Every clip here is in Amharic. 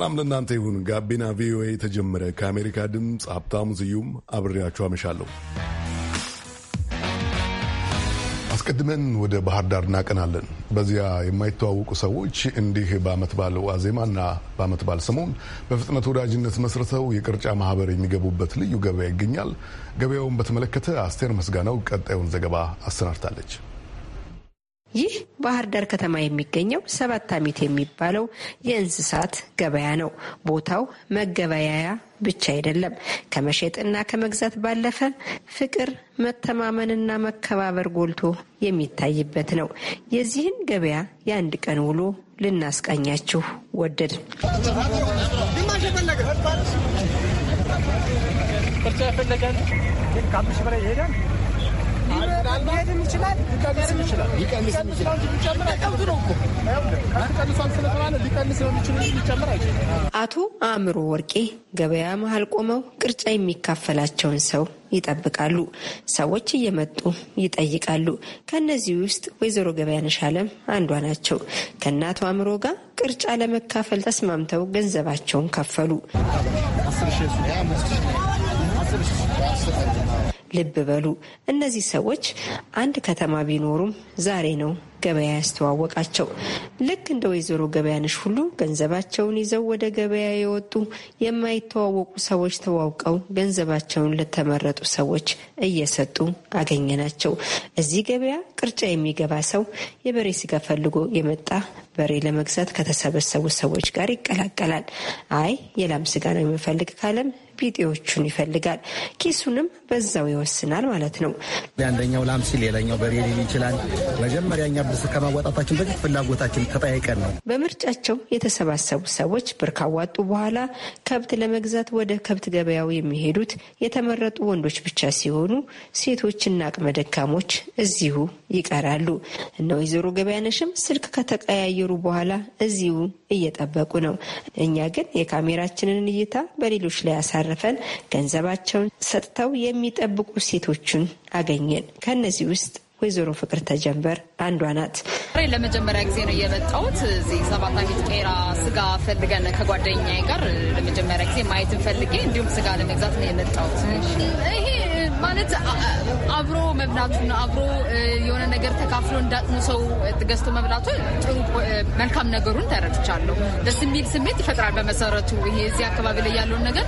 ሰላም ለእናንተ ይሁን። ጋቢና ቪኦኤ የተጀመረ ከአሜሪካ ድምፅ ሀብታሙ ስዩም አብሬያችሁ አመሻለሁ። አስቀድመን ወደ ባህር ዳር እናቀናለን። በዚያ የማይተዋወቁ ሰዎች እንዲህ በዓመት በዓል ዋዜማና በዓመት በዓል ሰሞን በፍጥነት ወዳጅነት መስርተው የቅርጫ ማህበር የሚገቡበት ልዩ ገበያ ይገኛል። ገበያውን በተመለከተ አስቴር መስጋናው ቀጣዩን ዘገባ አሰናድታለች። ይህ ባህር ዳር ከተማ የሚገኘው ሰባት አሚት የሚባለው የእንስሳት ገበያ ነው። ቦታው መገበያያ ብቻ አይደለም። ከመሸጥና ከመግዛት ባለፈ ፍቅር፣ መተማመንና መከባበር ጎልቶ የሚታይበት ነው። የዚህን ገበያ የአንድ ቀን ውሎ ልናስቃኛችሁ ወደድ ይሄዳል ሊሄድም ይችላል ሊቀንስም ይችላል። ሊቀንስም ይችላል። ነው እኮ አቶ አእምሮ ወርቄ ገበያ መሀል ቆመው ቅርጫ የሚካፈላቸውን ሰው ይጠብቃሉ። ሰዎች እየመጡ ይጠይቃሉ። ከእነዚህ ውስጥ ወይዘሮ ገበያ አለም አንዷ ናቸው። ከእናቷ አእምሮ ጋር ቅርጫ ለመካፈል ተስማምተው ገንዘባቸውን ከፈሉ። ልብ በሉ እነዚህ ሰዎች አንድ ከተማ ቢኖሩም ዛሬ ነው ገበያ ያስተዋወቃቸው። ልክ እንደ ወይዘሮ ገበያንሽ ሁሉ ገንዘባቸውን ይዘው ወደ ገበያ የወጡ የማይተዋወቁ ሰዎች ተዋውቀው ገንዘባቸውን ለተመረጡ ሰዎች እየሰጡ አገኘናቸው። እዚህ ገበያ ቅርጫ የሚገባ ሰው የበሬ ስጋ ፈልጎ የመጣ በሬ ለመግዛት ከተሰበሰቡ ሰዎች ጋር ይቀላቀላል። አይ የላም ስጋ ነው የሚፈልግ ካለም ቢጤዎቹን ይፈልጋል። ኪሱንም በዛው ይወስናል ማለት ነው። አንደኛው ላም ሲል ሌላኛው በሬ ሊል ይችላል። መጀመሪያ እኛ ብስ ከማዋጣታችን በፊት ፍላጎታችን ተጠያይቀን ነው። በምርጫቸው የተሰባሰቡ ሰዎች ብር ካዋጡ በኋላ ከብት ለመግዛት ወደ ከብት ገበያው የሚሄዱት የተመረጡ ወንዶች ብቻ ሲሆኑ ሴቶችና አቅመ ደካሞች እዚሁ ይቀራሉ። እነ ወይዘሮ ገበያነሽም ስልክ ከተቀያየሩ በኋላ እዚሁ እየጠበቁ ነው። እኛ ግን የካሜራችንን እይታ በሌሎች ላይ ያሳረ በተረፈን ገንዘባቸውን ሰጥተው የሚጠብቁ ሴቶችን አገኘን። ከእነዚህ ውስጥ ወይዘሮ ፍቅር ተጀንበር አንዷ ናት። ለመጀመሪያ ጊዜ ነው የመጣሁት እዚህ ሰባት አሚት ቄራ ስጋ ፈልገን ከጓደኛ ጋር ለመጀመሪያ ጊዜ ማየትን ፈልጌ እንዲሁም ስጋ ለመግዛት ነው የመጣሁት። ይሄ ማለት አብሮ መብላቱና አብሮ የሆነ ነገር ተካፍሎ እንዳጥሙ ሰው ገዝቶ መብላቱ ጥሩ መልካም ነገሩን ተረድቻለሁ። ደስ የሚል ስሜት ይፈጥራል። በመሰረቱ ይሄ እዚህ አካባቢ ላይ ያለውን ነገር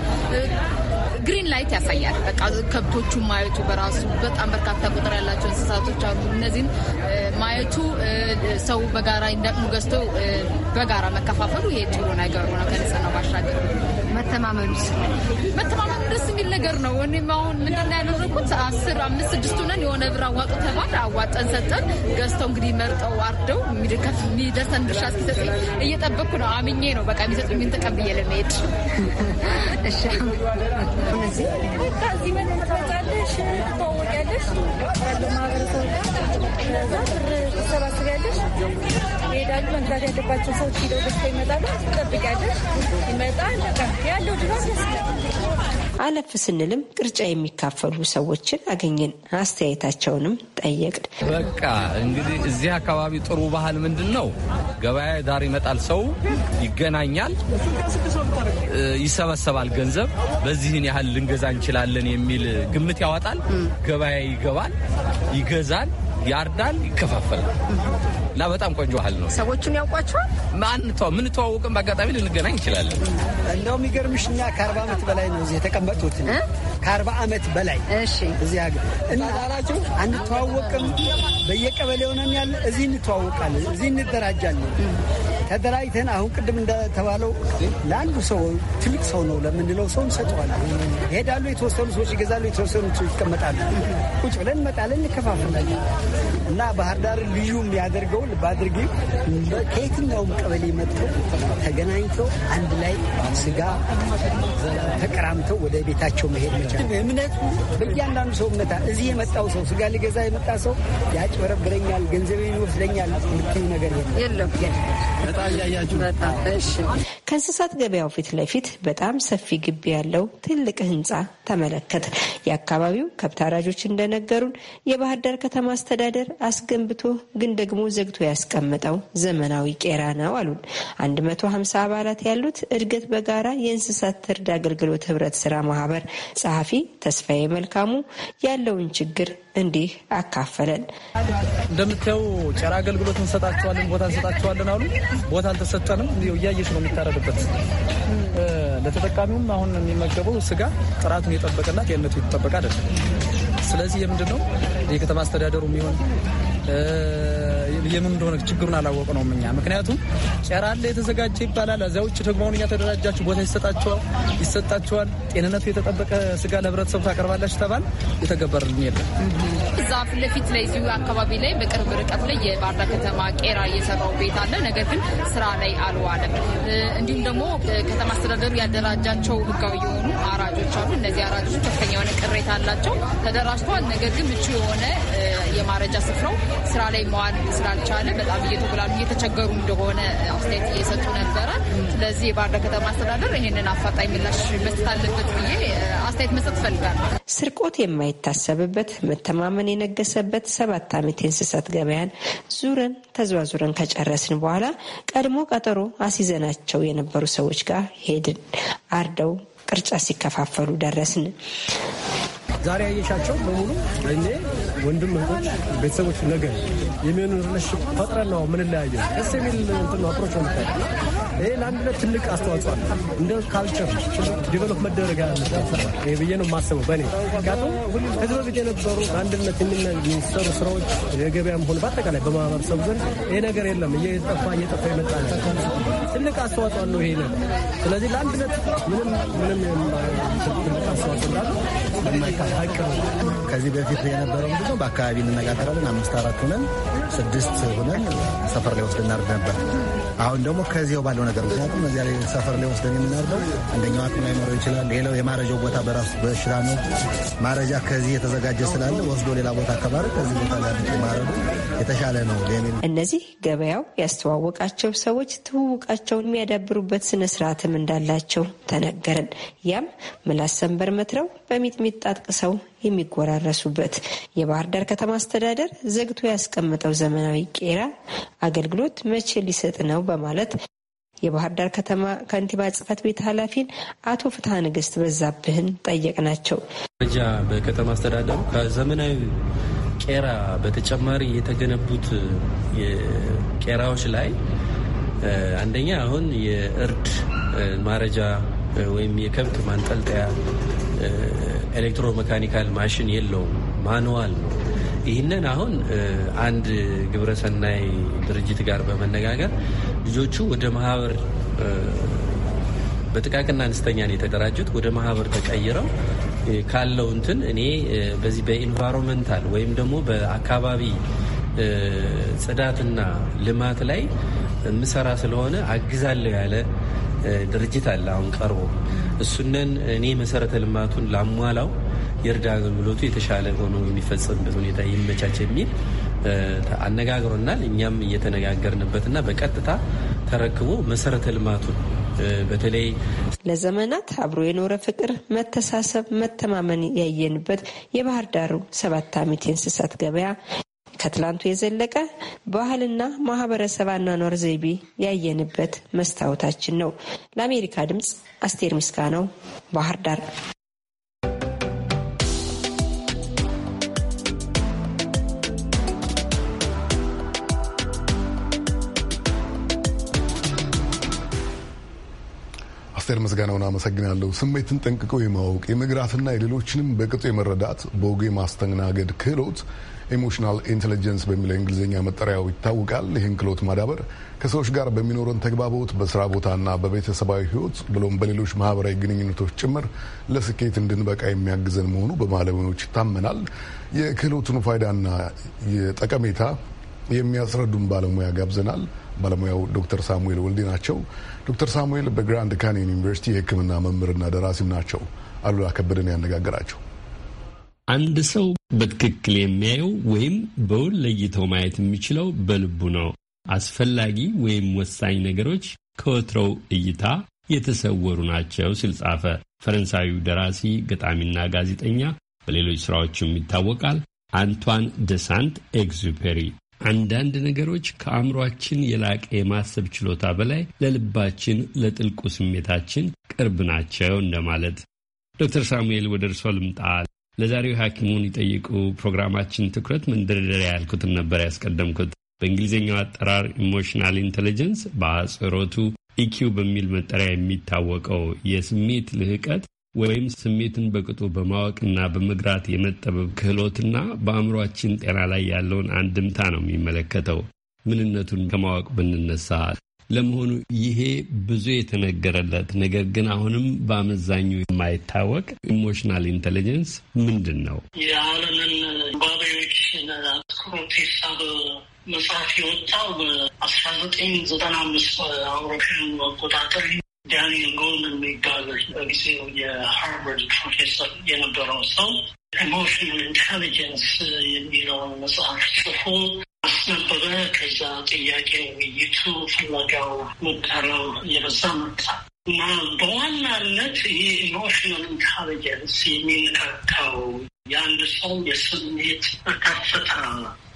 ግሪን ላይት ያሳያል። በቃ ከብቶቹ ማየቱ በራሱ በጣም በርካታ ቁጥር ያላቸው እንስሳቶች አሉ። እነዚህን ማየቱ ሰው በጋራ እንዳቅሙ ገዝቶ በጋራ መከፋፈሉ ይሄ ጥሩ ነገሩ ነው ባሻገር መተማመኑስ? መተማመኑ ደስ የሚል ነገር ነው። እኔም አሁን ምንድን ነው ያደረኩት አስር አምስት ስድስት ሆነን የሆነ ብር አዋጡ ተባል አዋጠን ሰጠን። ገዝተው እንግዲህ መርጠው አርደው የሚደርሰን ድርሻ እስኪሰጥ እየጠበቅኩ ነው። አምኜ ነው በቃ የሚሰጡኝን ተቀብዬ ለመሄድ እሺ ይሄዳሉ። መግዛት ያለባቸው ሰዎች ገዝተው ይመጣሉ። ትጠብቂያለሽ፣ ይመጣል። ያለው ድባብ አለፍ ስንልም ቅርጫ የሚካፈሉ ሰዎችን አገኘን። አስተያየታቸውንም ጠየቅን። በቃ እንግዲህ እዚህ አካባቢ ጥሩ ባህል ምንድን ነው? ገበያ ዳር ይመጣል፣ ሰው ይገናኛል፣ ይሰበሰባል፣ ገንዘብ በዚህን ያህል ልንገዛ እንችላለን የሚል ግምት ያወጣል። ገበያ ይገባል፣ ይገዛል ያርዳል፣ ይከፋፈላል እና በጣም ቆንጆ ባህል ነው። ሰዎቹን ያውቋቸዋል። ምን ተዋውቅም በአጋጣሚ ልንገናኝ እንችላለን። እንደው የሚገርምሽ እኛ ከአርባ ዓመት በላይ ነው እዚህ የተቀመጡት ከአርባ ዓመት በላይ እዚህ ሀገር እና አንተዋወቅም። በየቀበሌ ሆነን ያለ እዚህ እንተዋወቃለን፣ እዚህ እንደራጃለን ተደራጅተን አሁን ቅድም እንደተባለው ለአንዱ ሰው ትልቅ ሰው ነው ለምንለው ሰው እንሰጠዋለን። ይሄዳሉ፣ የተወሰኑ ሰዎች ይገዛሉ፣ የተወሰኑ ሰዎች ይቀመጣሉ። ቁጭ ብለን እንመጣለን፣ እንከፋፈላለን እና ባህር ዳር ልዩ የሚያደርገው ባድርጌ ከየትኛውም ቀበሌ መጥተው ተገናኝተው አንድ ላይ ስጋ ተቀራምተው ወደ ቤታቸው መሄድ መቻል እምነቱ በእያንዳንዱ ሰው እምነታ እዚህ የመጣው ሰው ስጋ ሊገዛ የመጣ ሰው ያጭበረብረኛል፣ ገንዘቤን ይወስደኛል፣ ምትል ነገር የለም። ከእንስሳት ገበያው ፊት ለፊት በጣም ሰፊ ግቢ ያለው ትልቅ ህንፃ ተመለከተ። የአካባቢው ከብት አራጆች እንደነገሩን የባህር ዳር ከተማ አስተዳደር አስገንብቶ ግን ደግሞ ዘግቶ ያስቀመጠው ዘመናዊ ቄራ ነው አሉን። 150 አባላት ያሉት እድገት በጋራ የእንስሳት ትርድ አገልግሎት ህብረት ስራ ማህበር ጸሐፊ ተስፋዬ መልካሙ ያለውን ችግር እንዲህ አካፈለን። እንደምታየው ጨራ አገልግሎት እንሰጣቸዋለን፣ ቦታ እንሰጣቸዋለን አሉ። ቦታ አልተሰጠንም። እያየሽ ነው የሚታረድበት ለተጠቃሚውም አሁን የሚመገበው ስጋ ጥራት ራሱን የጠበቀና ጤንነቱ የተጠበቀ አይደለም። ስለዚህ የምንድን ነው የከተማ አስተዳደሩ የሚሆን የምን እንደሆነ ችግሩን አላወቅ ነው እኛ። ምክንያቱም ጨራ አለ የተዘጋጀ ይባላል። እዚያ ውጭ ደግሞ አሁን እኛ ቦታ ይሰጣቸዋል ይሰጣቸዋል። ጤንነቱ የተጠበቀ ስጋ ለህብረተሰቡ ታቀርባላችሁ ተባል የተገበርልን የለም። እዛ ፊት ለፊት ላይ እዚሁ አካባቢ ላይ በቅርብ ርቀት ላይ የባህር ከተማ ቄራ እየሰራው ቤት አለ። ነገር ግን ስራ ላይ አልዋለም። እንዲሁም ደግሞ ከተማ አስተዳደሩ ያደራጃቸው ህጋዊ የሆኑ አራጆች አሉ። እነዚህ አራጆች ከፍተኛ የሆነ ቅሬታ አላቸው። ተደራጅተዋል። ነገር ግን ምቹ የሆነ የማረጃ ስፍራው ስራ ላይ መዋል ስራ ስላልቻለ በጣም እየተጉላሉ እየተቸገሩ እንደሆነ አስተያየት እየሰጡ ነበረ። ስለዚህ የባህር ዳር ከተማ አስተዳደር ይህንን አፋጣኝ ምላሽ መስጠት አለበት ብዬ አስተያየት መስጠት እፈልጋለሁ። ስርቆት የማይታሰብበት መተማመን የነገሰበት ሰባት ዓመት የእንስሳት ገበያን ዙረን ተዘዋዙረን ከጨረስን በኋላ ቀድሞ ቀጠሮ አስይዘናቸው የነበሩ ሰዎች ጋር ሄድን። አርደው ቅርጫ ሲከፋፈሉ ደረስን። ዛሬ ያየሻቸው በሙሉ እኔ ወንድም እህቶች፣ ቤተሰቦች ነገር የሚሆኑ ሪሌሽን ፈጥረን ነው ምንለያየው ደስ የሚል አፕሮች ነው ይሄ ለአንድነት ትልቅ አስተዋጽኦ አለ። እንደ ካልቸር ዲቨሎፕ መደረግ ያለ ብዬ ነው የማስበው በእኔ ምክንያቱም ከዚህ በፊት የነበሩ አንድነት የሚሰሩ ስራዎች የገበያም ሆነ በአጠቃላይ በማህበረሰቡ ዘንድ ይሄ ነገር የለም እየጠፋ እየጠፋ የመጣ ትልቅ አስተዋጽኦ አለው ይሄ ነገር። ስለዚህ ለአንድነት ምንም ምንም ትልቅ አስተዋጽኦ እንዳለ ከዚህ በፊት የነበረው ብዙ በአካባቢ እንነጋገራለን አምስት አራት ሁነን ስድስት ሁነን ሰፈር ላይ ወስደናርድ ነበር አሁን ደግሞ ከዚያው ባለው ነገር ምክንያቱም እዚያ ላይ ሰፈር ላይ ወስደን የምናርደው አንደኛው አቅም ላይ ይችላል። ሌላው የማረጃው ቦታ በራሱ በሽራ ነው። ማረጃ ከዚህ የተዘጋጀ ስላለ ወስዶ ሌላ ቦታ አካባቢ ከዚህ ቦታ ላይ ማረዱ የተሻለ ነው የሚል እነዚህ ገበያው ያስተዋወቃቸው ሰዎች ትውውቃቸውን የሚያዳብሩበት ስነ ስርዓትም እንዳላቸው ተነገረን። ያም ምላስ ሰንበር መትረው በሚጥሚጣ አጥቅሰው የሚጎራረሱበት የባህር ዳር ከተማ አስተዳደር ዘግቶ ያስቀመጠው ዘመናዊ ቄራ አገልግሎት መቼ ሊሰጥ ነው በማለት የባህር ዳር ከተማ ከንቲባ ጽህፈት ቤት ኃላፊን አቶ ፍትሐ ንግስት በዛብህን ጠየቅናቸው። መረጃ በከተማ አስተዳደሩ ከዘመናዊ ቄራ በተጨማሪ የተገነቡት ቄራዎች ላይ አንደኛ አሁን የእርድ ማረጃ ወይም የከብት ማንጠልጠያ ኤሌክትሮሜካኒካል ማሽን የለውም፣ ማኑዋል ነው። ይህንን አሁን አንድ ግብረሰናይ ድርጅት ጋር በመነጋገር ልጆቹ ወደ ማህበር በጥቃቅና አነስተኛ ነው የተደራጁት። ወደ ማህበር ተቀይረው ካለው እንትን እኔ በዚህ በኢንቫይሮንመንታል ወይም ደግሞ በአካባቢ ጽዳትና ልማት ላይ ምሰራ ስለሆነ አግዛለሁ ያለ ድርጅት አለ አሁን ቀርቦ እሱነን እኔ መሰረተ ልማቱን ላሟላው የእርዳ አገልግሎቱ የተሻለ ሆኖ የሚፈጸምበት ሁኔታ ይመቻች የሚል አነጋግሮናል። እኛም እየተነጋገርንበትና በቀጥታ ተረክቦ መሰረተ ልማቱን በተለይ ለዘመናት አብሮ የኖረ ፍቅር፣ መተሳሰብ፣ መተማመን ያየንበት የባህር ዳሩ ሰባት ዓመት የእንስሳት ገበያ ከትላንቱ የዘለቀ ባህልና ማህበረሰብ አኗኗር ዘይቤ ያየንበት መስታወታችን ነው። ለአሜሪካ ድምፅ አስቴር ምስጋናው ባህር ዳር። አስቴር ምስጋናውን አመሰግናለሁ። ስሜትን ጠንቅቆ የማወቅ የመግራትና የሌሎችንም በቅጡ የመረዳት በወጉ የማስተናገድ ክህሎት ኢሞሽናል ኢንቴሊጀንስ በሚለው እንግሊዝኛ መጠሪያው ይታወቃል። ይህን ክሎት ማዳበር ከሰዎች ጋር በሚኖረን ተግባቦት በስራ ቦታና በቤተሰባዊ ህይወት ብሎም በሌሎች ማህበራዊ ግንኙነቶች ጭምር ለስኬት እንድንበቃ የሚያግዘን መሆኑ በባለሙያዎች ይታመናል። የክህሎቱን ፋይዳና የጠቀሜታ የሚያስረዱን ባለሙያ ጋብዘናል። ባለሙያው ዶክተር ሳሙኤል ወልዴ ናቸው። ዶክተር ሳሙኤል በግራንድ ካንየን ዩኒቨርሲቲ የህክምና መምህርና ደራሲም ናቸው። አሉላ ከበደን ያነጋገራቸው አንድ ሰው በትክክል የሚያየው ወይም በውል ለይተው ማየት የሚችለው በልቡ ነው። አስፈላጊ ወይም ወሳኝ ነገሮች ከወትሮው እይታ የተሰወሩ ናቸው ሲል ጻፈ ፈረንሳዊው ደራሲ ገጣሚና ጋዜጠኛ በሌሎች ሥራዎቹም ይታወቃል አንቷን ደ ሳንት ኤግዚፔሪ። አንዳንድ ነገሮች ከአእምሯችን የላቀ የማሰብ ችሎታ በላይ ለልባችን ለጥልቁ ስሜታችን ቅርብ ናቸው እንደማለት። ዶክተር ሳሙኤል ወደ እርሶ ልምጣል። ለዛሬው ሐኪሙን ይጠይቁ ፕሮግራማችን ትኩረት መንደርደሪያ ያልኩትን ነበር ያስቀደምኩት። በእንግሊዝኛው አጠራር ኢሞሽናል ኢንቴሊጀንስ በአጽሮቱ ኢኪው በሚል መጠሪያ የሚታወቀው የስሜት ልህቀት ወይም ስሜትን በቅጡ በማወቅና በመግራት የመጠበብ ክህሎትና በአእምሯችን ጤና ላይ ያለውን አንድምታ ነው የሚመለከተው። ምንነቱን ከማወቅ ብንነሳ ለመሆኑ ይሄ ብዙ የተነገረለት ነገር ግን አሁንም በአመዛኙ የማይታወቅ ኢሞሽናል ኢንቴሊጀንስ ምንድን ነው? የዓለምን ባቢዎች ትኩረት ሳብ መጽሐፍ የወጣው በአስራ ዘጠኝ ዘጠና አምስት አውሮፓውያን አቆጣጠር ዳንኤል ጎን የሚባል በጊዜው የሃርቨርድ ፕሮፌሰር የነበረው ሰው ኢሞሽናል ኢንቴሊጀንስ የሚለውን መጽሐፍ ጽፎ አስነበበ። ከዛ ጥያቄ፣ ውይይቱ፣ ፍለጋው፣ ሙከራው እየበዛ መጣ እና በዋናነት ይህ ኢሞሽናል ኢንቴሊጀንስ የሚነካካው የአንድ ሰው የስሜት ከፍታ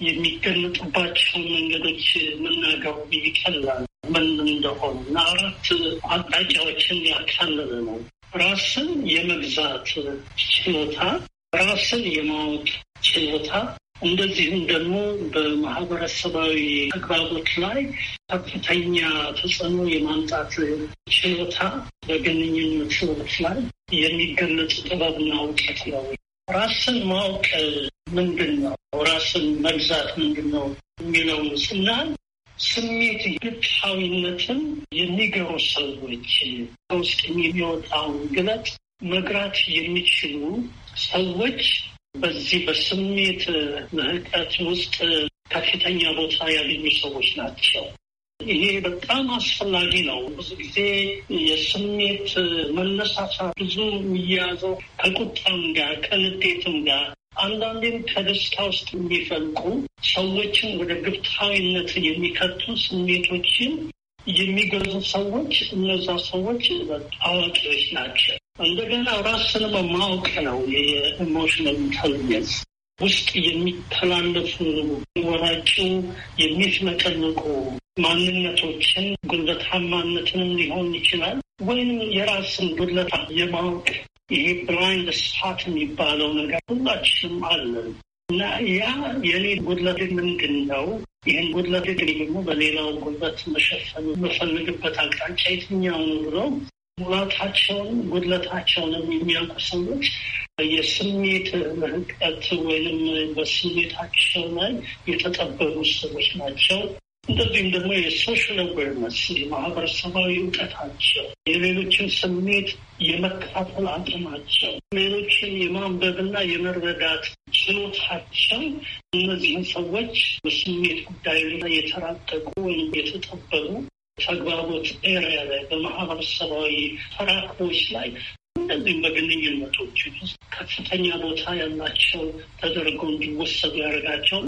የሚገለጥባቸው መንገዶች መናገሩ ይቀላል ምን እንደሆኑ እና አራት አቅጣጫዎችን ያካለለ ነው። ራስን የመግዛት ችሎታ፣ ራስን የማወቅ ችሎታ እንደዚህም ደግሞ በማህበረሰባዊ አግባቦች ላይ ከፍተኛ ተጽዕኖ የማምጣት ችሎታ በግንኙነቶች ላይ የሚገለጽ ጥበብና እውቀት ነው። ራስን ማወቅ ምንድን ነው፣ ራስን መግዛት ምንድን ነው የሚለው ስናል ስሜት ግብታዊነትን የሚገሩ ሰዎች ከውስጥ የሚወጣውን ግለት መግራት የሚችሉ ሰዎች በዚህ በስሜት ምህቀት ውስጥ ከፍተኛ ቦታ ያገኙ ሰዎች ናቸው። ይሄ በጣም አስፈላጊ ነው። ብዙ ጊዜ የስሜት መነሳሳ ብዙ የሚያዘው ከቁጣም ጋር ከንዴትም ጋር አንዳንዴም ከደስታ ውስጥ የሚፈልቁ ሰዎችን ወደ ግብታዊነት የሚከቱ ስሜቶችን የሚገዙ ሰዎች እነዛ ሰዎች አዋቂዎች ናቸው። እንደገና ራስን በማወቅ ነው የኢሞሽናል ኢንተልጀንስ ውስጥ የሚተላለፉ ወራጩ የሚስመቀንቁ ማንነቶችን ጉልበታማነትንም ሊሆን ይችላል ወይም የራስን ጉድለታ የማወቅ ይሄ ብላይንድ ስፓት የሚባለው ነገር ሁላችንም አለን እና ያ የኔ ጉድለት ምንድን ነው? ይህን ጉድለት ደግሞ በሌላው ጉልበት መሸፈን መፈልግበት አቅጣጫ የትኛው ነው ብሎ ሙላታቸውን ጉድለታቸውንም የሚያውቁ ሰዎች የስሜት ርቀት ወይም በስሜታቸው ላይ የተጠበሩ ሰዎች ናቸው። እንደዚህም ደግሞ የሶሻል አዌርነስ የማህበረሰባዊ እውቀታቸው፣ የሌሎችን ስሜት የመከታተል አቅማቸው፣ ሌሎችን የማንበብና የመረዳት ችሎታቸው እነዚህን ሰዎች በስሜት ጉዳይ ላይ የተራቀቁ ወይም የተጠበሩ ተግባቦት ኤሪያ ላይ በማህበረሰባዊ ተራክቦች ላይ እንደዚህም በግንኙነቶች ውስጥ ከፍተኛ ቦታ ያላቸው ተደርገው እንዲወሰዱ ያደርጋቸው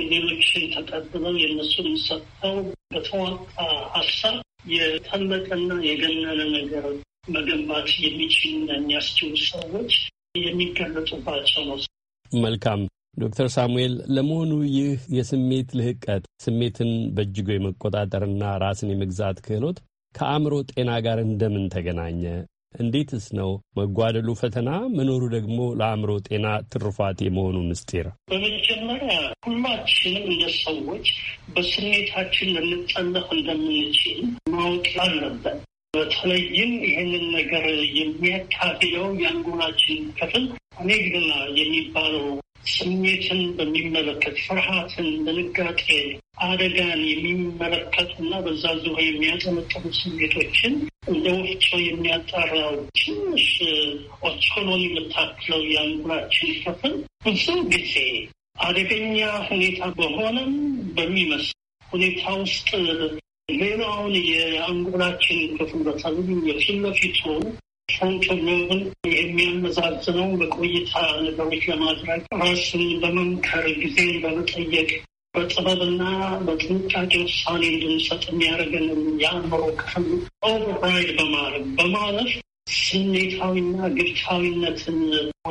የሌሎች ተቀብለው የእነሱን ሰጥተው በተዋጣ ሀሳብ የጠለቀና የገነነ ነገር መገንባት የሚችሉና የሚያስችሉ ሰዎች የሚገለጡባቸው ነው። መልካም ዶክተር ሳሙኤል ለመሆኑ ይህ የስሜት ልህቀት ስሜትን በእጅጉ የመቆጣጠርና ራስን የመግዛት ክህሎት ከአእምሮ ጤና ጋር እንደምን ተገናኘ? እንዴትስ ነው መጓደሉ ፈተና መኖሩ ደግሞ ለአእምሮ ጤና ትሩፋት የመሆኑ ምስጢር? በመጀመሪያ ሁላችንም እንደ ሰዎች በስሜታችን ልንጠለፍ እንደምንችል ማወቅ አለበት። በተለይም ይህንን ነገር የሚያካፍለው የአንጎላችን ክፍል ኔግና የሚባለው ስሜትን በሚመለከት ፍርሃትን፣ ድንጋጤ፣ አደጋን የሚመለከት እና በዛ ዙሪያ የሚያጠነጥኑ ስሜቶችን እንደ ወፍጮ የሚያጣራው ትንሽ ኦቾሎኒ የምታክለው የአንጉራችን ክፍል ብዙ ጊዜ አደገኛ ሁኔታ በሆነም በሚመስል ሁኔታ ውስጥ ሌላውን የአንጉራችን ክፍል በተለይ የፊት ለፊቱ ሸንቅሌን የሚያመዛዝነው በቆይታ ነገሮች ለማድረግ ራስን በመምከር ጊዜን በመጠየቅ በጥበብና በጥንቃቄ ውሳኔ እንድንሰጥ የሚያደርገንን የአእምሮ ክፍል ኦቨርራይድ በማድረግ በማለፍ ስሜታዊና ግብታዊነትን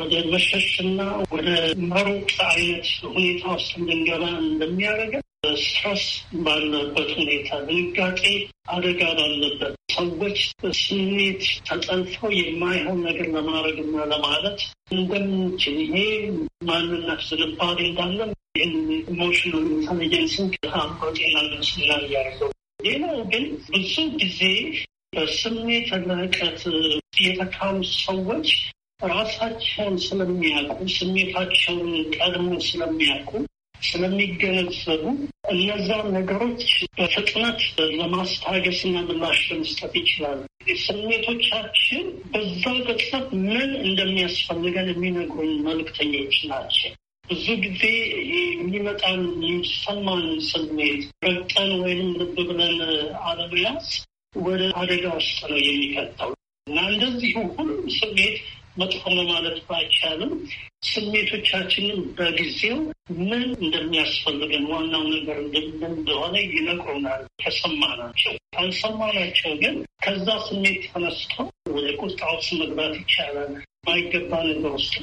ወደ መሸሽና ወደ መሮጥ አይነት ሁኔታ ውስጥ እንድንገባ እንደሚያደርገን ስትረስ ባለበት ሁኔታ፣ ድንጋጤ አደጋ ባለበት ሰዎች ስሜት ተጠልፈው የማይሆን ነገር ለማድረግና ለማለት እንደምንችል ይሄ ማንነት ዝንባሌ እንዳለ ኢሞሽናል ኢንቴሊጀንስን ጤና ምስላ ያለው ሌላው ግን ብዙ ጊዜ በስሜት ለቀት የተካኑ ሰዎች ራሳቸውን ስለሚያውቁ ስሜታቸውን ቀድሞ ስለሚያውቁ ስለሚገነዘቡ እነዛን ነገሮች በፍጥነት ለማስታገስ እና ምላሽ ለመስጠት ይችላሉ። ስሜቶቻችን በዛ ቅጽበት ምን እንደሚያስፈልገን የሚነግሩን መልክተኞች ናቸው። ብዙ ጊዜ የሚመጣን የሚሰማን ስሜት ረግጠን ወይም ልብ ብለን አለመያዝ ወደ አደጋ ውስጥ ነው የሚከተው እና እንደዚሁ ሁሉም ስሜት መጥፎ ነው ማለት ባይቻልም ስሜቶቻችንን በጊዜው ምን እንደሚያስፈልገን ዋናው ነገር እንደሆነ ይነግሩናል። ከሰማናቸው ካልሰማናቸው ግን ከዛ ስሜት ተነስቶ ወደ ቁጣ ውስጥ መግባት ይቻላል። ማይገባ ነገር ውስጥ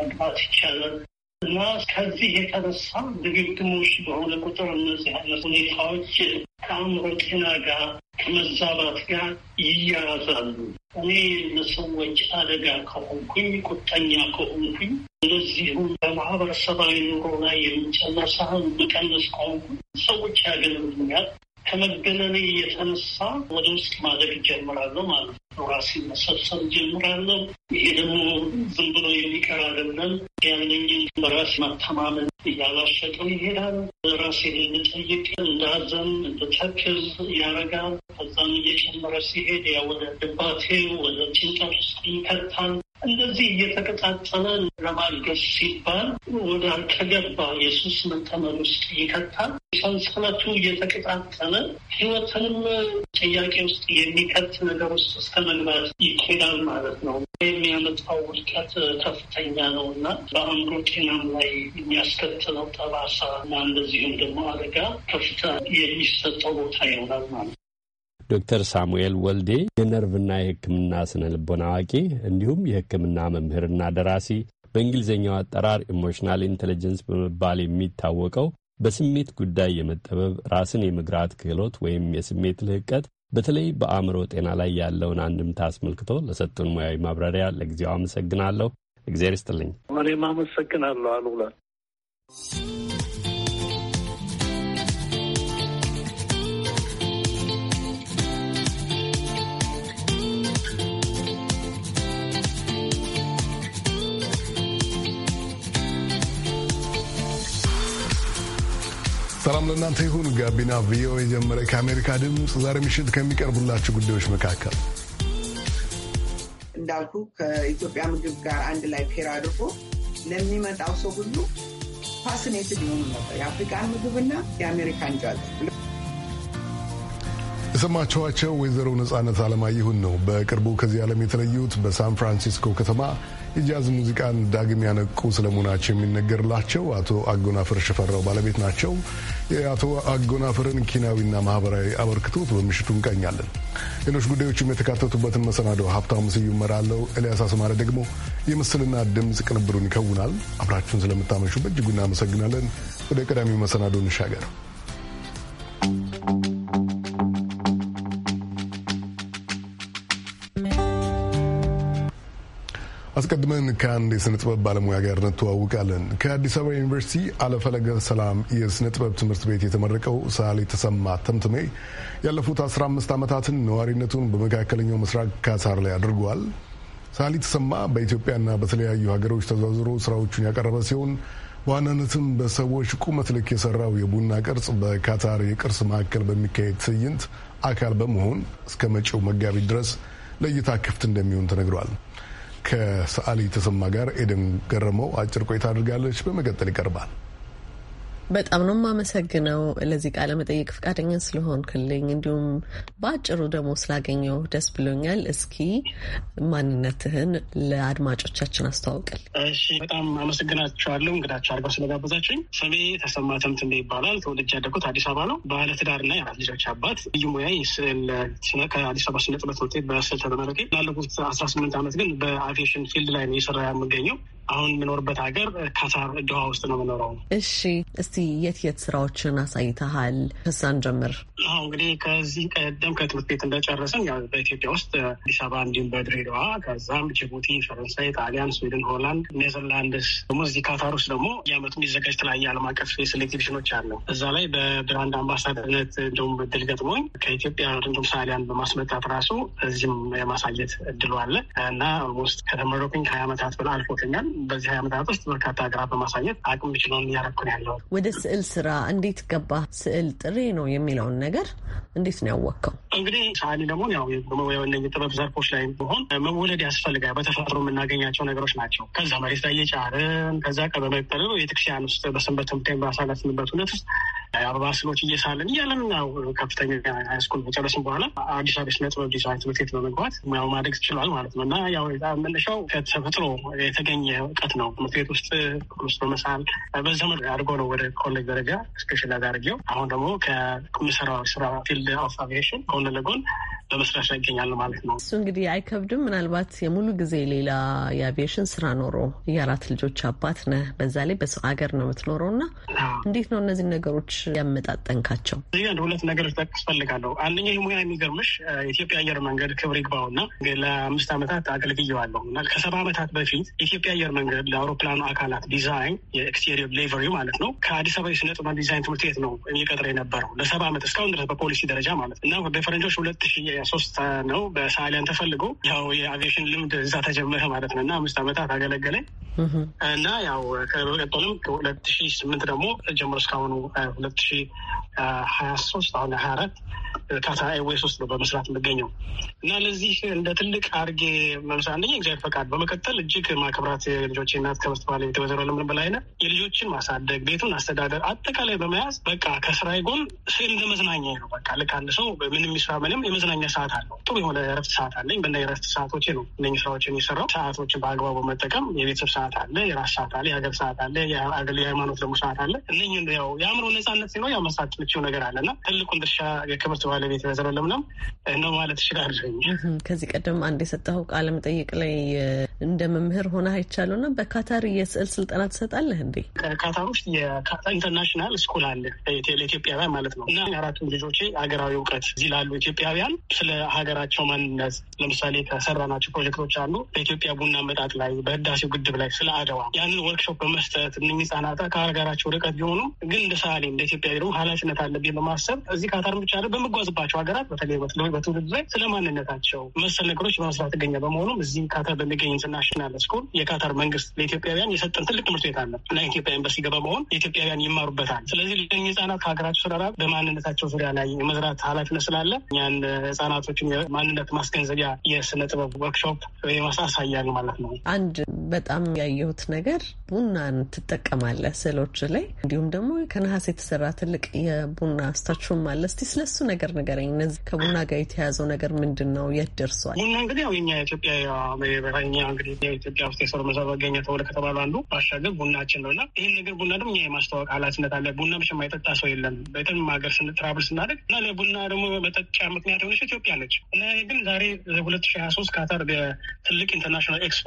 መግባት ይቻላል። እና ከዚህ የተነሳ ድግግሞሽ በሆነ ቁጥር እነዚህ አይነት ሁኔታዎች ከአእምሮ ጤና ጋር ከመዛባት ጋር ይያያዛሉ። እኔ ለሰዎች አደጋ ከሆንኩኝ፣ ቁጠኛ ከሆንኩኝ፣ እንደዚሁም በማህበረሰባዊ ኑሮ ላይ የሚጨመር ሳህን መቀነስ ከሆንኩ ሰዎች ያገለሉኛል። ከመገለል እየተነሳ ወደ ውስጥ ማድረግ ይጀምራለሁ ማለት ነው። ራሴን መሰብሰብ ይጀምራለሁ። ይሄ ደግሞ ዝም ብሎ የሚቀር አይደለም። ያለኝን በራስ መተማመን እያላሸጠው ይሄዳል። ራሴ ልንጠይቅ እንደ ሐዘን እንደ ተክዝ ያረጋል። ከዛም እየጨመረ ሲሄድ ያ ወደ ድባቴ ወደ ጭንቀት ውስጥ ይከታል። እንደዚህ እየተቀጣጠለ ለማልገስ ሲባል ወደ አልተገባ የሱስ መጠመን ውስጥ ይከታል። ሰንሰለቱ እየተቀጣጠለ ህይወትንም ጥያቄ ውስጥ የሚከት ነገር ውስጥ እስከ መግባት ይኬዳል ማለት ነው። የሚያመጣው ውድቀት ከፍተኛ ነው እና በአእምሮ ጤናም ላይ የሚያስከትለው ጠባሳ እና እንደዚሁም ደግሞ አደጋ ከፍታ የሚሰጠው ቦታ ይሆናል ማለት ነው። ዶክተር ሳሙኤል ወልዴ የነርቭና የሕክምና ስነ ልቦና አዋቂ እንዲሁም የሕክምና መምህርና ደራሲ በእንግሊዝኛው አጠራር ኢሞሽናል ኢንቴሊጀንስ በመባል የሚታወቀው በስሜት ጉዳይ የመጠበብ ራስን የመግራት ክህሎት ወይም የስሜት ልህቀት በተለይ በአእምሮ ጤና ላይ ያለውን አንድምታ አስመልክቶ ለሰጡን ሙያዊ ማብራሪያ ለጊዜው አመሰግናለሁ። እግዜር ይስጥልኝ። እኔም አመሰግናለሁ አሉላ። ሰላም ለእናንተ ይሁን። ጋቢና ቪኦኤ ጀመረ። ከአሜሪካ ድምፅ ዛሬ ምሽት ከሚቀርቡላቸው ጉዳዮች መካከል እንዳልኩ ከኢትዮጵያ ምግብ ጋር አንድ ላይ ፔር አድርጎ ለሚመጣው ሰው ሁሉ ፋሲኔትድ የሆኑ ነበር የአፍሪካን ምግብና የአሜሪካን ጃል የሰማችኋቸው ወይዘሮ ነጻነት አለማየሁን ነው። በቅርቡ ከዚህ ዓለም የተለዩት በሳን ፍራንሲስኮ ከተማ የጃዝ ሙዚቃን ዳግም ያነቁ ስለመሆናቸው የሚነገርላቸው አቶ አጎናፍር ሽፈራው ባለቤት ናቸው። የአቶ አጎናፍርን ኪናዊና ማህበራዊ አበርክቶት በምሽቱ እንቃኛለን። ሌሎች ጉዳዮችም የተካተቱበትን መሰናዶ ሀብታሙ ስዩም መራለው። ኤልያስ አስማረ ደግሞ የምስልና ድምፅ ቅንብሩን ይከውናል። አብራችሁን ስለምታመሹ በእጅጉ እናመሰግናለን። ወደ ቀዳሚው መሰናዶ እንሻገር። አስቀድመን ከአንድ የስነ ጥበብ ባለሙያ ጋር እንተዋውቃለን። ከአዲስ አበባ ዩኒቨርሲቲ አለፈለገ ሰላም የስነ ጥበብ ትምህርት ቤት የተመረቀው ሰዓሊ ተሰማ ተምትሜ ያለፉት 15 ዓመታትን ነዋሪነቱን በመካከለኛው ምስራቅ ካሳር ላይ አድርጓል። ሰዓሊ ተሰማ በኢትዮጵያና በተለያዩ ሀገሮች ተዘዋዝሮ ስራዎቹን ያቀረበ ሲሆን በዋናነትም በሰዎች ቁመት ልክ የሰራው የቡና ቅርጽ በካታር የቅርስ ማዕከል በሚካሄድ ትዕይንት አካል በመሆን እስከ መጪው መጋቢት ድረስ ለእይታ ክፍት እንደሚሆን ተነግሯል። ከሰዓሊ ተሰማ ጋር ኤደን ገረመው አጭር ቆይታ አድርጋለች። በመቀጠል ይቀርባል። በጣም ነው የማመሰግነው ለዚህ ቃለ መጠየቅ ፈቃደኛ ስለሆንክልኝ፣ እንዲሁም በአጭሩ ደግሞ ስላገኘው ደስ ብሎኛል። እስኪ ማንነትህን ለአድማጮቻችን አስተዋውቅል። እሺ፣ በጣም አመሰግናቸዋለሁ እንግዳቸው አድርገው ስለጋበዛችኝ። ስሜ ተሰማ ተምትንቤ ይባላል። ተወልጄ ያደኩት አዲስ አበባ ነው። ባለ ትዳርና የአራት ልጆች አባት። ልዩ ሙያዬ ከአዲስ አበባ ስነ ጥበብ ትምህርት ቤት በስዕል ላለፉት አስራ ስምንት ዓመት ግን በአቪዬሽን ፊልድ ላይ ነው የሰራ የምገኘው አሁን የምኖርበት ሀገር ካታር ዶሃ ውስጥ ነው የምኖረው። እሺ፣ እስቲ የት የት ስራዎችን አሳይተሃል? ከሳን ጀምር። አሁ እንግዲህ ከዚህ ቀደም ከትምህርት ቤት እንደጨረስን ያው በኢትዮጵያ ውስጥ አዲስ አበባ እንዲሁም በድሬዳዋ ከዛም ጅቡቲ፣ ፈረንሳይ፣ ጣሊያን፣ ስዊድን፣ ሆላንድ፣ ኔዘርላንድስ ደግሞ እዚህ ካታር ውስጥ ደግሞ የአመቱ የሚዘጋጅ ተለያየ ዓለም አቀፍ የስዕል አለ። እዛ ላይ በብራንድ አምባሳደርነት እንደውም እድል ገጥሞኝ ከኢትዮጵያ እንዲሁም ሳሊያን በማስመጣት ራሱ እዚህም የማሳየት እድሉ አለ እና ኦልሞስት ከተመረኩኝ ሀያ ዓመታት ብላ አልፎትኛል። በዚህ ሀያ ዓመታት ውስጥ በርካታ ሀገራት በማሳየት አቅም ችሎን እያረኩን ያለው። ወደ ስዕል ስራ እንዴት ገባ? ስዕል ጥሬ ነው የሚለውን ነገር እንዴት ነው ያወቅከው? እንግዲህ ሳሊ ደግሞ ያው በመወያነ የጥበብ ዘርፎች ላይ ሆን መወለድ ያስፈልጋል። በተፈጥሮ የምናገኛቸው ነገሮች ናቸው። ከዛ መሬት ላይ እየጫርን ከዛ ቀበመጠል ቤተክርስቲያን ውስጥ በሰንበት ትምህርት ባሳለፍንበት ሁነት ውስጥ አበባ ስሎች እየሳለን እያለን ነው። ከፍተኛ ሃይስኩል መጨረስን በኋላ አዲስ አዲስ ነጥበብ ዲዛይን ትምህርት ቤት በመግባት ሙያው ማደግ ትችሏል ማለት ነው እና ያው መነሻው ከተፈጥሮ የተገኘ እውቀት ነው። ትምህርት ቤት ውስጥ ክፍል ውስጥ በመሳል በዘመድ አድርጎ ነው ወደ ኮሌጅ ደረጃ ስፔሻላይዝ አድርጌው አሁን ደግሞ ከምሰራው ስራ ፊልድ ኦፍ አቪዬሽን ጎን ለጎን በመስራት ላይ ይገኛል ማለት ነው። እሱ እንግዲህ አይከብድም። ምናልባት የሙሉ ጊዜ ሌላ የአቪዬሽን ስራ ኖሮ የአራት ልጆች አባት ነህ፣ በዛ ላይ በሰው ሀገር ነው የምትኖረው እና እንዴት ነው እነዚህ ነገሮች ያመጣጠንካቸው? እዚህ አንድ ሁለት ነገሮች ልጠቅስ ፈልጋለሁ። አንደኛ ሙያ የሚገርምሽ የኢትዮጵያ አየር መንገድ ክብር ይግባው እና ለአምስት ዓመታት አገልግየዋለሁ እና ከሰባ ዓመታት በፊት የኢትዮጵያ አየር መንገድ ለአውሮፕላኑ አካላት ዲዛይን የኤክስቴሪየር ሌቨሪ ማለት ነው ከአዲስ አበባ የስነ ጥበብ ዲዛይን ትምህርት ቤት ነው የሚቀጥረ የነበረው ለሰባ ዓመት እስካሁን ድረስ በፖሊሲ ደረጃ ማለት እና በፈረንጆች ሁለት ሺ ሶስት ነው በሳሊያን ተፈልጎ ያው የአቪዬሽን ልምድ እዛ ተጀመረ ማለት ነው እና አምስት ዓመታት አገለገለኝ እና ያው ከቀጠልም ሁለት ሺ ስምንት ደግሞ ጀምሮ እስካሁኑ ሁለ ሁለት ሺ ሀያ ሶስት አሁን ሀያ አራት ታታ ኤርዌይስ ውስጥ ነው በመስራት የምገኘው እና ለዚህ እንደ ትልቅ አድርጌ መምሳ አንደኛ እግዚአብሔር ፈቃድ፣ በመቀጠል እጅግ ማክብራት የልጆች እናት ከበስት ባለ የተወዘረ ለምን በላይነ የልጆችን ማሳደግ ቤቱን አስተዳደር አጠቃላይ በመያዝ በቃ ከስራ ጎን ስል እንደ መዝናኛ ነው። በቃ ልክ አንድ ሰው ምን የሚስራ ምንም የመዝናኛ ሰዓት አለው። ጥሩ የሆነ የረፍት ሰዓት አለኝ። በና የረፍት ሰዓቶቼ ነው እነ ስራዎች የሚሰራው ሰዓቶችን በአግባቡ መጠቀም የቤተሰብ ሰዓት አለ፣ የራስ ሰዓት አለ፣ የሀገር ሰዓት አለ፣ የሃይማኖት ደግሞ ሰዓት አለ። እነ ያው የአእምሮ ነጻነት ሲኖር ያው መሳት ምችው ነገር አለና ትልቁን ድርሻ የክብርት ባለ ባለቤት ወይዘሮ ለምለም ነው ማለት ይችላል። ከዚህ ቀደም አንድ የሰጠኸው ቃለ መጠይቅ ላይ እንደ መምህር ሆነህ አይቻለሁ እና በካታር የስዕል ስልጠና ትሰጣለህ እንዴ? ካታር ውስጥ የካታር ኢንተርናሽናል ስኩል አለ ለኢትዮጵያውያን ማለት ነው እና አራቱም ልጆቼ ሀገራዊ እውቀት እዚህ ላሉ ኢትዮጵያውያን ስለ ሀገራቸው ማንነት ለምሳሌ ከሰራናቸው ፕሮጀክቶች አሉ በኢትዮጵያ ቡና መጣት ላይ በህዳሴው ግድብ ላይ ስለ አደዋ ያንን ወርክሾፕ በመስጠት እነ ህጻናት ከሀገራቸው ርቀት ቢሆኑ ግን እንደ ሰዓሊ እንደ ኢትዮጵያ ደግሞ ኃላፊነት አለብኝ በማሰብ እዚህ ካታር ብቻ በምጓ በሚጓዙባቸው ሀገራት በተለይ በትውልድ ላይ ስለ ማንነታቸው መሰል ነገሮች በመስራት ገኘ በመሆኑም እዚህም ካተር በሚገኝ ኢንተርናሽናል ስኩል የካተር መንግስት ለኢትዮጵያውያን የሰጠን ትልቅ ትምህርት ቤት አለ እና ኢትዮጵያ ኤምባሲ ገባ መሆን ኢትዮጵያውያን ይማሩበታል። ስለዚህ ልደኝ ህጻናት ከሀገራቸው ስራራ በማንነታቸው ዙሪያ ላይ የመዝራት ኃላፊነት ስላለ እኛን ህጻናቶችን የማንነት ማስገንዘቢያ የስነ ጥበብ ወርክሾፕ ማሳያል ማለት ነው። አንድ በጣም ያየሁት ነገር ቡናን ትጠቀማለህ ስዕሎች ላይ እንዲሁም ደግሞ ከነሐስ የተሰራ ትልቅ የቡና ስታችሁም አለ። እስቲ ስለሱ ነገር ነገር ንገረኝ። እነዚህ ከቡና ጋር የተያዘው ነገር ምንድን ነው? የት ደርሷል? ቡና እንግዲህ ያው የኛ ኢትዮጵያ በኛ እንግዲህ የኢትዮጵያ ውስጥ የሰው መሰረት መገኛ ተብሎ ከተባሉ አንዱ ባሻገር ቡናችን ነው እና ይህን ነገር ቡና ደግሞ እኛ የማስተዋወቅ ኃላፊነት አለ። ቡና ብቻ የማይጠጣ ሰው የለም። በጣም ሀገር ስንትራብል ስናደግ እና ለቡና ደግሞ መጠጫ ምክንያት የሆነች ኢትዮጵያ ነች እና ግን ዛሬ ሁለት ሺ ሀያ ሶስት ካታር ትልቅ ኢንተርናሽናል ኤክስፖ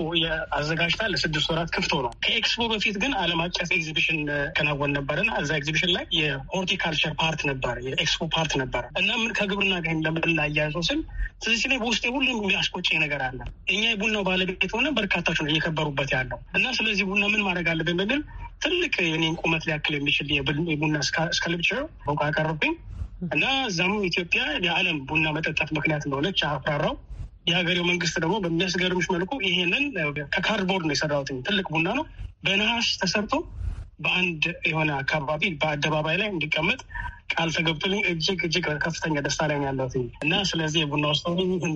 አዘጋጅታ ለስድስት ወራት ክፍቶ ነው። ከኤክስፖ በፊት ግን ዓለም አቀፍ ኤግዚቢሽን ከናወን ነበረና እዛ ኤግዚቢሽን ላይ የሆርቲካልቸር ፓርት ነበር፣ የኤክስፖ ፓርት ነበረ እና ለምን ከግብርና ጋር ለምን ላያያዘው ስል ስለዚህ ላይ በውስጤ ሁሉም የሚያስቆጭ ነገር አለ። እኛ የቡናው ባለቤት ሆነ በርካታዎች ነው እየከበሩበት ያለው እና ስለዚህ ቡና ምን ማድረግ አለብን በሚል ትልቅ የኔን ቁመት ሊያክል የሚችል የቡና ስካልፕቸር በውቃ አቀረብኝ እና እዛም ኢትዮጵያ የዓለም ቡና መጠጣት ምክንያት እንደሆነች አፍራራው። የሀገሬው መንግስት ደግሞ በሚያስገርምሽ መልኩ ይሄንን ከካርድቦርድ ነው የሰራሁት። ትልቅ ቡና ነው በነሐስ ተሰርቶ በአንድ የሆነ አካባቢ በአደባባይ ላይ እንዲቀመጥ ቃል ተገብቶልኝ እጅግ እጅግ ከፍተኛ ደስታ ላይ ያለት እና ስለዚህ የቡና ውስጥ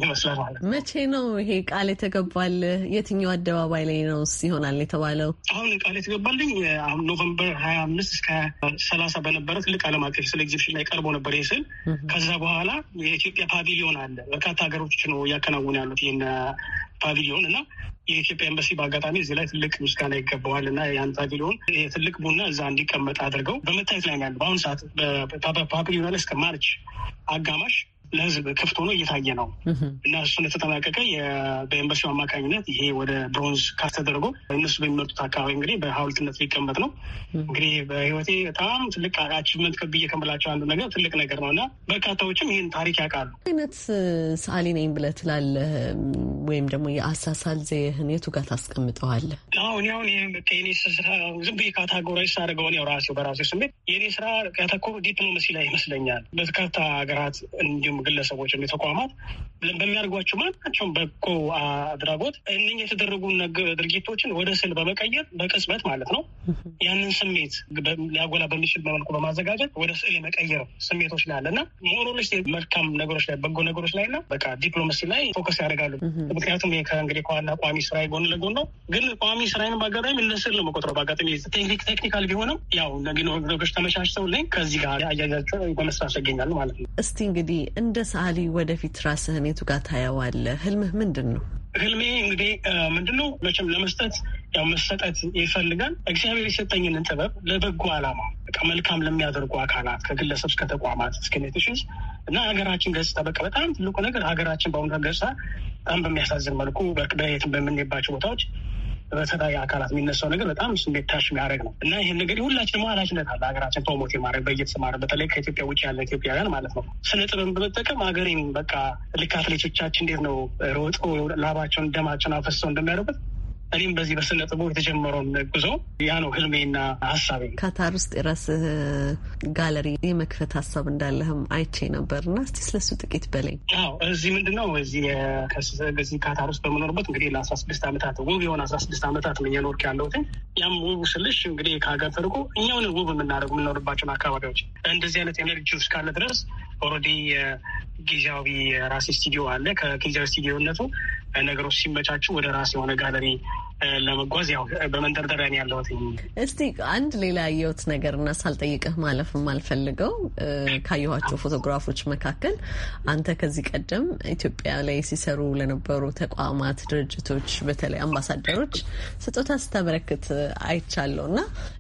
ይመስላል ማለት ነው። መቼ ነው ይሄ ቃል የተገባል? የትኛው አደባባይ ላይ ነው ይሆናል የተባለው? አሁን ቃል የተገባልኝ አሁን ኖቨምበር ሀያ አምስት እስከ ሰላሳ በነበረ ትልቅ ዓለም አቀፍ ስለ ኤግዚቢሽን ላይ ቀርቦ ነበር ይህ ስል። ከዛ በኋላ የኢትዮጵያ ፓቪሊዮን አለ። በርካታ ሀገሮች ነው እያከናወኑ ያሉት ይህን ፓቪሊዮን እና የኢትዮጵያ ኤምባሲ በአጋጣሚ እዚህ ላይ ትልቅ ምስጋና ይገባዋል እና ያን ፓቪሊዮን ትልቅ ቡና እዛ እንዲቀመጥ አድርገው በመታየት ላይ ያሉ በአሁኑ ሰዓት ፓቪሊዮን ላይ እስከ ማርች አጋማሽ ለህዝብ ክፍት ሆኖ እየታየ ነው እና እሱ እንደተጠናቀቀ በኤምባሲው አማካኝነት ይሄ ወደ ብሮንዝ ካስ ተደርጎ እነሱ በሚመጡት አካባቢ እንግዲህ በሀውልትነት ሊቀመጥ ነው። እንግዲህ በህይወቴ በጣም ትልቅ አቺቭመንት ከብዬ ከምላቸው አንዱ ነገር ትልቅ ነገር ነው እና በርካታዎችም ይህን ታሪክ ያውቃሉ። አይነት ሰዓሊ ነኝ ብለህ ትላለህ ወይም ደግሞ የአሳሳል ዘህን የቱ ጋር ታስቀምጠዋለህ? አሁን ሁን ከኔ ስራ ዝም ብዬ ካታጎራዊ ሳደርገውን ያው ራሴው በራሴው ስሜት የኔ ስራ ያተኮሩ ዲፕሎማሲ ላይ ይመስለኛል በርካታ ሀገራት እንዲሁም ግለሰቦች ወይም ተቋማት በሚያደርጓቸው ማናቸውም በጎ አድራጎት እነኛ የተደረጉ ድርጊቶችን ወደ ስዕል በመቀየር በቅጽበት ማለት ነው ያንን ስሜት ሊያጎላ በሚችል መልኩ በማዘጋጀት ወደ ስዕል የመቀየር ስሜቶች ላይ አለና ሞሮሎች መልካም ነገሮች ላይ በጎ ነገሮች ላይ ና በቃ ዲፕሎማሲ ላይ ፎከስ ያደርጋሉ። ምክንያቱም ከእንግዲህ ከዋና ቋሚ ስራ ጎን ለጎን ነው። ግን ቋሚ ስራዬን በአጋጣሚ ለስዕል ነው መቆጥረው በአጋጣሚ ቴክኒካል ቢሆንም ያው ነገሮች ተመቻችተው ላይ ከዚህ ጋር አያያቸው በመስራት ያገኛሉ ማለት ነው። እስቲ እንግዲህ እንደ ሰዓሊ ወደፊት ራስህን የቱ ጋር ታየዋለህ? ህልምህ ምንድን ነው? ህልሜ እንግዲህ ነው? መቼም ለመስጠት ያው መሰጠት ይፈልጋል። እግዚአብሔር የሰጠኝንን ጥበብ ለበጎ ዓላማ በቃ መልካም ለሚያደርጉ አካላት ከግለሰብ እስከ ተቋማት እስከ ኔትሽንስ እና ሀገራችን ገጽታ በቃ በጣም ትልቁ ነገር ሀገራችን በአሁኑ ገጽታ በጣም በሚያሳዝን መልኩ በየትም በምንሄባቸው ቦታዎች በተለያዩ አካላት የሚነሳው ነገር በጣም ስሜት ታሽ የሚያደርግ ነው እና ይህን ነገር ሁላችንም ኃላፊነት አለ ሀገራችን ፕሮሞት የማድረግ በየተሰማረ በተለይ ከኢትዮጵያ ውጭ ያለ ኢትዮጵያውያን ማለት ነው ስነ ጥበብን በመጠቀም ሀገሬን በቃ ልክ አትሌቶቻችን እንዴት ነው ሮጦ ላባቸውን ደማቸውን አፈሰው እንደሚያደርጉት እኔም በዚህ በስነ ጥበብ የተጀመረውን ጉዞ ያ ነው ህልሜና ሀሳቤ። ካታር ውስጥ የራስህ ጋለሪ የመክፈት ሀሳብ እንዳለህም አይቼ ነበር እና እስቲ ስለሱ ጥቂት በለኝ። አዎ እዚህ ምንድን ነው እዚህ ካታር ውስጥ በምኖርበት እንግዲህ ለአስራ ስድስት ዓመታት ውብ የሆነ አስራ ስድስት ዓመታት ነው እየኖርክ ያለሁትን ያም ውብ ስልሽ እንግዲህ ከሀገር ተርቆ እኛውን ውብ የምናደርጉ የምንኖርባቸውን አካባቢዎች እንደዚህ አይነት ኤነርጂ ውስጥ ካለ ድረስ ኦልሬዲ ጊዜያዊ ራሴ ስቱዲዮ አለ። ከጊዜያዊ ስቱዲዮነቱ ነገሮች ሲመቻቹ ወደ ራስ የሆነ ጋለሪ ለመጓዝ ያው በመንደርደሪያ ያለሁት። እስቲ አንድ ሌላ ያየሁት ነገር እና ሳልጠይቅህ ማለፍ የማልፈልገው ካየኋቸው ፎቶግራፎች መካከል አንተ ከዚህ ቀደም ኢትዮጵያ ላይ ሲሰሩ ለነበሩ ተቋማት፣ ድርጅቶች በተለይ አምባሳደሮች ስጦታ ስታበረክት አይቻለሁ እና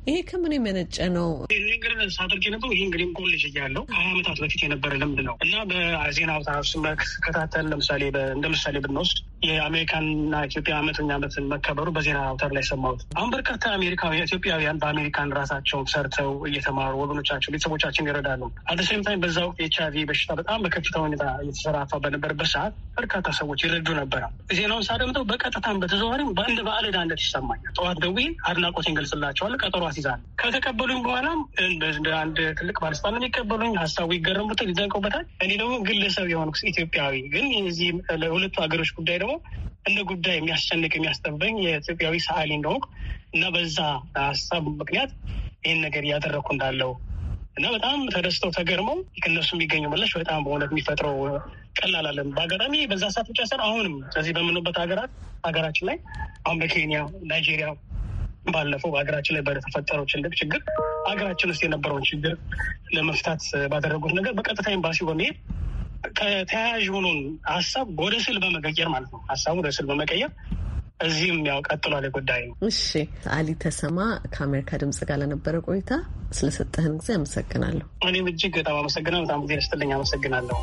ይሄ ከምን የመነጨ ነው? ይህን ሳደርግ የነበረው ይህ እንግዲህ ኮሌጅ እያለሁ ከሀያ አመታት በፊት የነበረ ልምድ ነው እና በዜና አውታሮች ስመከታተል ለምሳሌ እንደ ምሳሌ ብንወስድ የአሜሪካንና ኢትዮጵያ አመተኛ ዓመትን መከበሩ በዜና አውታር ላይ ሰማሁት። አሁን በርካታ አሜሪካውያን ኢትዮጵያውያን በአሜሪካን ራሳቸውን ሰርተው እየተማሩ ወገኖቻቸው፣ ቤተሰቦቻችን ይረዳሉ። አደሴም ታይም በዛ ወቅት ኤች አይቪ በሽታ በጣም በከፍታ ሁኔታ እየተሰራፋ በነበረበት ሰዓት በርካታ ሰዎች ይረዱ ነበረ። ዜናውን ሳደምጠው በቀጥታም በተዘዋሪም በአንድ በዓለ ዕዳነት ይሰማኛል። ጠዋት ደውዬ አድናቆቴን ገልጽላቸዋለሁ። ቀጠሮ አስይዛለሁ። ከተቀበሉኝ በኋላም እንደ አንድ ትልቅ ባለስልጣን የሚቀበሉኝ። ሀሳቡ ይገረሙታል፣ ይደንቀውበታል። እኔ ደግሞ ግለሰብ የሆንኩ ኢትዮጵያዊ ግን የዚህ ለሁለቱ ሀገሮች ጉዳይ ደግሞ ደግሞ እንደ ጉዳይ የሚያስጨንቅ የሚያስጠበኝ የኢትዮጵያዊ ሰዓሊ እንደሆንኩ እና በዛ ሀሳብ ምክንያት ይህን ነገር እያደረግኩ እንዳለው እና በጣም ተደስተው ተገርመው ከእነሱ የሚገኙ መለሽ በጣም በእውነት የሚፈጥረው ቀላል አለም። በአጋጣሚ በዛ ሰዓት ብቻ ሰር አሁንም ስለዚህ በምንበት ሀገራት ሀገራችን ላይ አሁን በኬንያ፣ ናይጄሪያ ባለፈው በሀገራችን ላይ በተፈጠረው ችልቅ ችግር ሀገራችን ውስጥ የነበረውን ችግር ለመፍታት ባደረጉት ነገር በቀጥታ ኤምባሲው በመሄድ ከተያያዥ የሆኑን ሀሳብ ወደ ስል በመቀየር ማለት ነው። ሀሳቡ ወደ ስል በመቀየር እዚህም ያው ቀጥሏል ጉዳይ ነው። እሺ አሊ ተሰማ ከአሜሪካ ድምጽ ጋር ለነበረ ቆይታ ስለሰጠህን ጊዜ አመሰግናለሁ። እኔም እጅግ በጣም አመሰግናለሁ። በጣም ጊዜ ስትልኝ አመሰግናለሁ።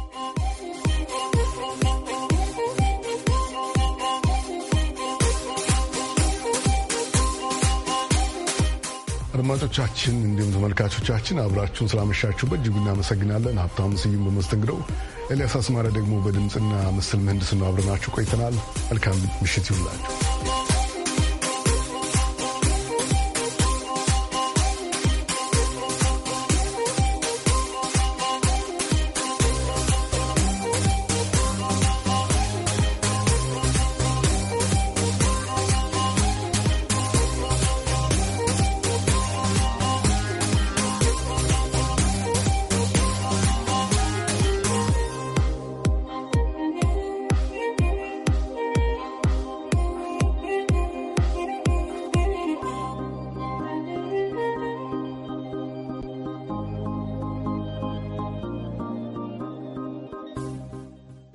አድማጮቻችን እንዲሁም ተመልካቾቻችን አብራችሁን ስላመሻችሁ በእጅጉ እናመሰግናለን። ሀብታሙ ስዩም በመስተንግደው፣ ኤልያስ አስማሪያ ደግሞ በድምፅና ምስል ምህንድስና አብረናችሁ ቆይተናል። መልካም ምሽት ይሁንላችሁ።